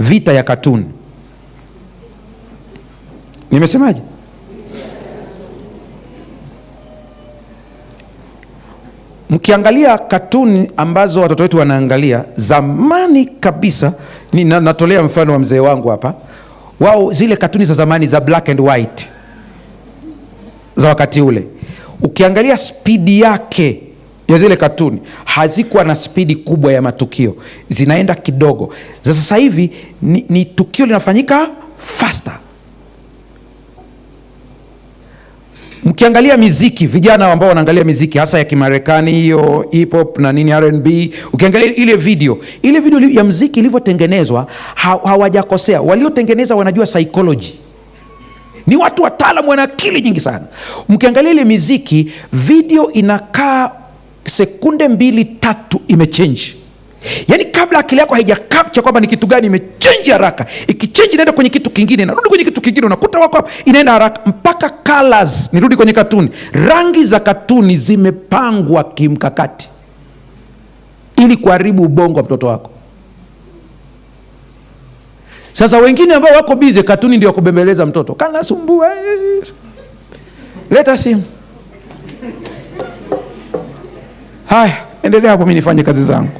vita ya katuni. Nimesemaje? Mkiangalia katuni ambazo watoto wetu wanaangalia zamani kabisa, ni natolea mfano wa mzee wangu hapa, wao zile katuni za zamani za black and white za wakati ule, ukiangalia spidi yake ya zile katuni hazikuwa na spidi kubwa ya matukio, zinaenda kidogo. Za sasa hivi ni, ni tukio linafanyika fasta. Mkiangalia miziki, vijana ambao wanaangalia miziki hasa ya Kimarekani, hiyo hip hop na nini R&B, ukiangalia ile video ile video ya mziki ilivyotengenezwa, hawajakosea. Waliotengeneza wanajua psychology ni watu wataalamu, wana akili nyingi sana. Mkiangalia ile miziki video inakaa sekunde mbili tatu imechenji yaani kabla akili yako haijakapcha kwamba ni kitu gani, imechenji haraka. Ikichenji inaenda kwenye kitu kingine, narudi kwenye kitu kingine, unakuta wako hapa, inaenda haraka mpaka colors. Nirudi kwenye katuni, rangi za katuni zimepangwa kimkakati ili kuharibu ubongo wa mtoto wako. Sasa wengine ambao wako bize, katuni ndio wakubembeleza mtoto, kanasumbua, eh. leta simu haya, endelea hapo, mimi nifanye kazi zangu.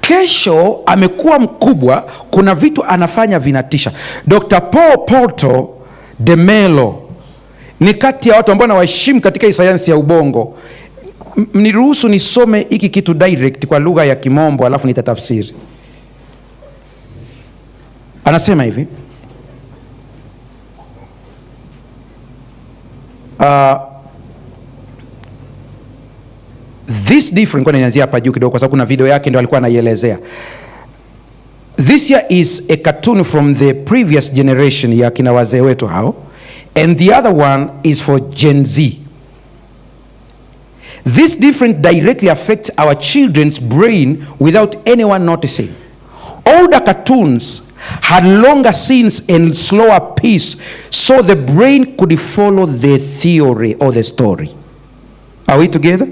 Kesho amekuwa mkubwa, kuna vitu anafanya vinatisha. Dr. Paul Porto de Melo ni kati ya watu ambao nawaheshimu katika hii sayansi ya ubongo. Niruhusu nisome hiki kitu direct kwa lugha ya Kimombo alafu nitatafsiri. Anasema hivi uh, This different, ngoja nianzie hapa juu kidogo, kwa sababu kuna video yake ndio alikuwa anaielezea. This year is a cartoon from the previous generation ya kina wazee wetu hao and the other one is for Gen Z. This different directly affects our children's brain without anyone noticing. Older cartoons had longer scenes and slower pace so the brain could follow the theory or the story. Are we together?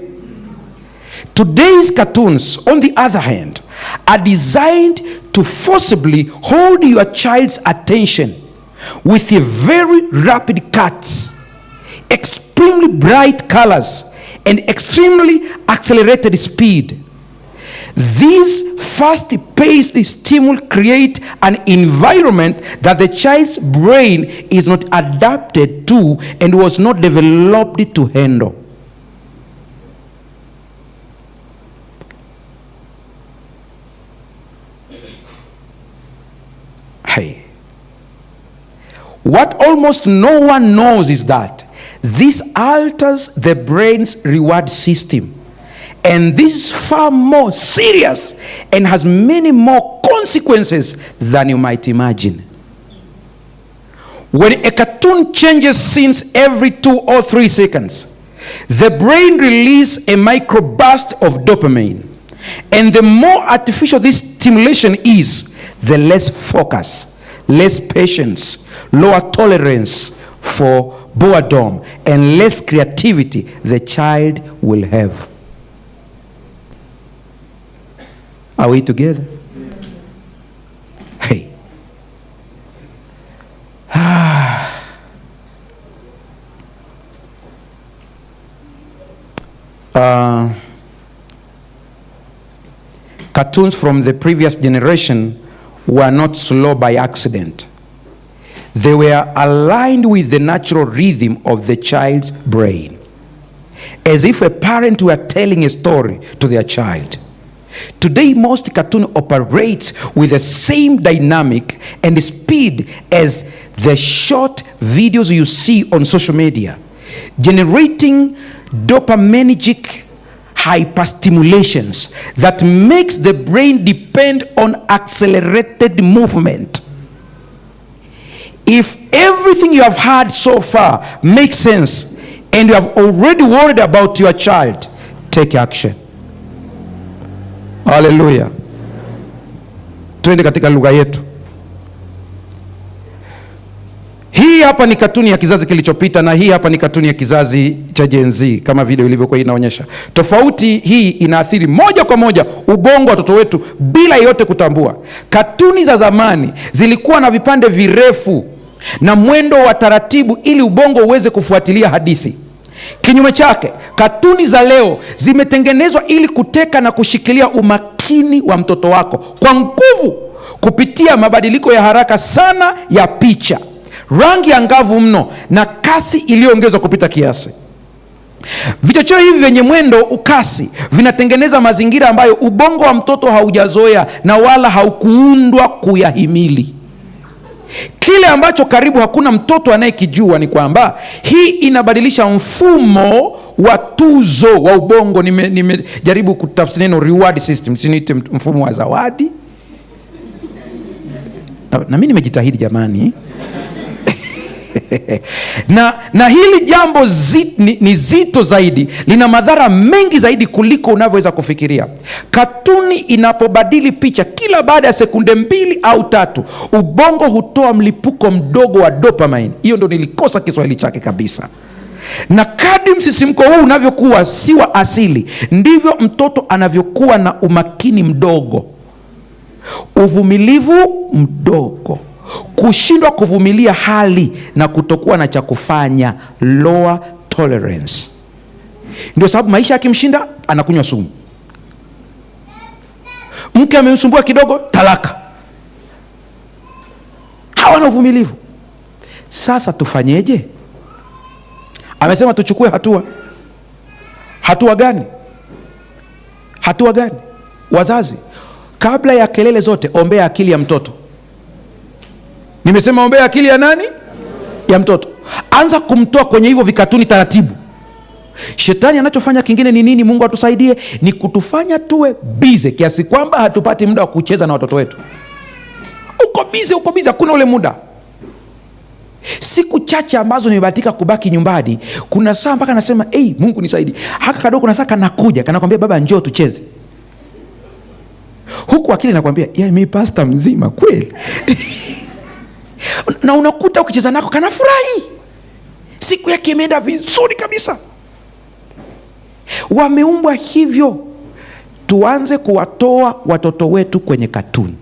Today's cartoons, on the other hand, are designed to forcibly hold your child's attention with a very rapid cuts, extremely bright colors, and extremely accelerated speed. These fast paced stimuli create an environment that the child's brain is not adapted to and was not developed to handle. What almost no one knows is that this alters the brain's reward system. And this is far more serious and has many more consequences than you might imagine. When a cartoon changes scenes every two or three seconds, the brain releases a microburst of dopamine. And the more artificial this stimulation is, the less focus less patience, lower tolerance for boredom, and less creativity the child will have. Are we together? Hey. Ah. Uh, cartoons from the previous generation were not slow by accident. They were aligned with the natural rhythm of the child's brain, as if a parent were telling a story to their child. Today, most cartoon operates with the same dynamic and speed as the short videos you see on social media, generating dopaminergic hyperstimulations that makes the brain depend on accelerated movement. If everything you have heard so far makes sense and you have already worried about your child, take action. Hallelujah. Twende katika lugha yetu. hapa ni katuni ya kizazi kilichopita na hii hapa ni katuni ya kizazi cha Gen Z kama video ilivyokuwa inaonyesha. Tofauti hii inaathiri moja kwa moja ubongo wa watoto wetu bila yote kutambua. Katuni za zamani zilikuwa na vipande virefu na mwendo wa taratibu ili ubongo uweze kufuatilia hadithi. Kinyume chake, katuni za leo zimetengenezwa ili kuteka na kushikilia umakini wa mtoto wako kwa nguvu kupitia mabadiliko ya haraka sana ya picha rangi angavu mno na kasi iliyoongezwa kupita kiasi. Vichocheo hivi vyenye mwendo ukasi vinatengeneza mazingira ambayo ubongo wa mtoto haujazoea na wala haukuundwa kuyahimili. Kile ambacho karibu hakuna mtoto anayekijua ni kwamba hii inabadilisha mfumo wa tuzo wa ubongo. Nimejaribu nime neno siniite mfumo wa zawadi, na na nimejitahidi jamani. na, na hili jambo zit, ni, ni zito zaidi, lina madhara mengi zaidi kuliko unavyoweza kufikiria. Katuni inapobadili picha kila baada ya sekunde mbili au tatu, ubongo hutoa mlipuko mdogo wa dopamine. Hiyo ndo nilikosa Kiswahili chake kabisa na kadi msisimko huu unavyokuwa si wa asili, ndivyo mtoto anavyokuwa na umakini mdogo, uvumilivu mdogo kushindwa kuvumilia hali na kutokuwa na cha kufanya, lower tolerance. Ndio sababu maisha akimshinda anakunywa sumu. Mke amemsumbua kidogo, talaka. Hawana uvumilivu. Sasa tufanyeje? Amesema tuchukue hatua. Hatua gani? Hatua gani? Wazazi, kabla ya kelele zote, ombea akili ya mtoto. Nimesema ombee akili ya nani? Ya mtoto. Anza kumtoa kwenye hivyo vikatuni taratibu. Shetani anachofanya kingine ni nini? Mungu atusaidie, ni kutufanya tuwe bize kiasi kwamba hatupati muda wa kucheza na watoto wetu. Uko bize, uko bize, hakuna ule muda. Siku chache ambazo nimebahatika kubaki nyumbani, kuna saa mpaka nasema hey, Mungu nisaidi Haka kadogo kuna saa kanakuja kanakwambia, baba njoo tucheze, huku akili nakwambia, yeah, mi pasta mzima kweli na unakuta ukicheza nako kanafurahi, siku yake imeenda vizuri kabisa. Wameumbwa hivyo, tuanze kuwatoa watoto wetu kwenye katuni.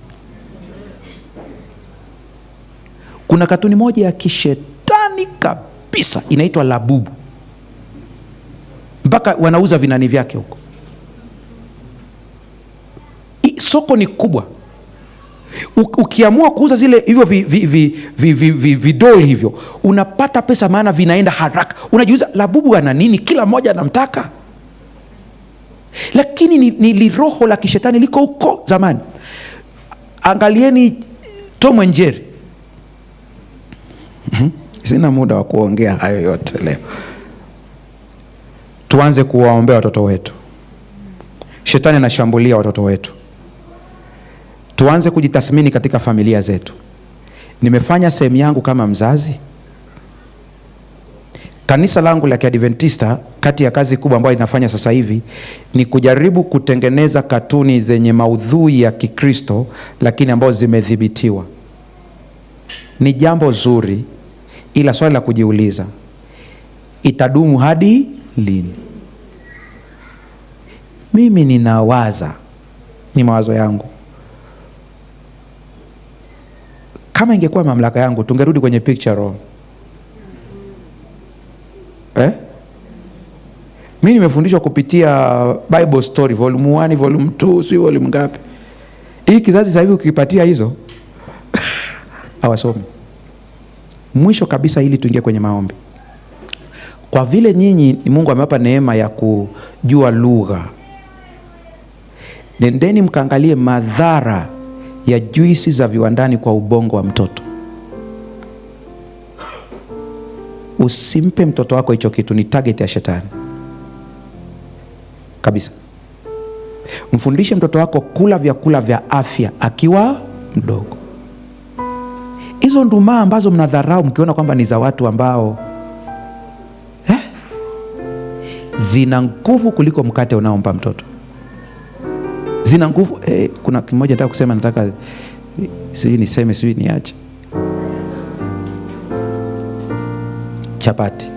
Kuna katuni moja ya kishetani kabisa inaitwa Labubu, mpaka wanauza vinani vyake huko, soko ni kubwa ukiamua kuuza zile hivyo vi, vi, vi, vi, vi, vi, vi hivyo unapata pesa, maana vinaenda haraka. unajiuza Labubu ana nini? Kila mmoja anamtaka, lakini ni, ni liroho la kishetani liko huko zamani. Angalieni Tom njeri mm -hmm. Sina muda wa kuongea hayo yote leo. Tuanze kuwaombea watoto wetu. Shetani anashambulia watoto wetu. Tuanze kujitathmini katika familia zetu. Nimefanya sehemu yangu kama mzazi? Kanisa langu la Kiadventista, kati ya kazi kubwa ambayo inafanya sasa hivi ni kujaribu kutengeneza katuni zenye maudhui ya Kikristo, lakini ambazo zimedhibitiwa. Ni jambo zuri, ila swali la kujiuliza, itadumu hadi lini? Mimi ninawaza, ni mawazo yangu Kama ingekuwa mamlaka yangu tungerudi kwenye picture roho Eh? mi nimefundishwa kupitia Bible story volume 1, volume 2, si volume ngapi. Hii kizazi sasa hivi ukipatia hizo awasomi Mwisho kabisa ili tuingie kwenye maombi. Kwa vile nyinyi Mungu amewapa neema ya kujua lugha, nendeni mkaangalie madhara ya juisi za viwandani kwa ubongo wa mtoto. Usimpe mtoto wako hicho kitu, ni target ya shetani kabisa. Mfundishe mtoto wako kula vyakula vya afya akiwa mdogo. Hizo ndumaa ambazo mnadharau mkiona kwamba ni za watu ambao eh, zina nguvu kuliko mkate unaompa mtoto zina nguvu eh. Kuna kimoja nataka kusema, nataka sijui niseme sijui niache. Chapati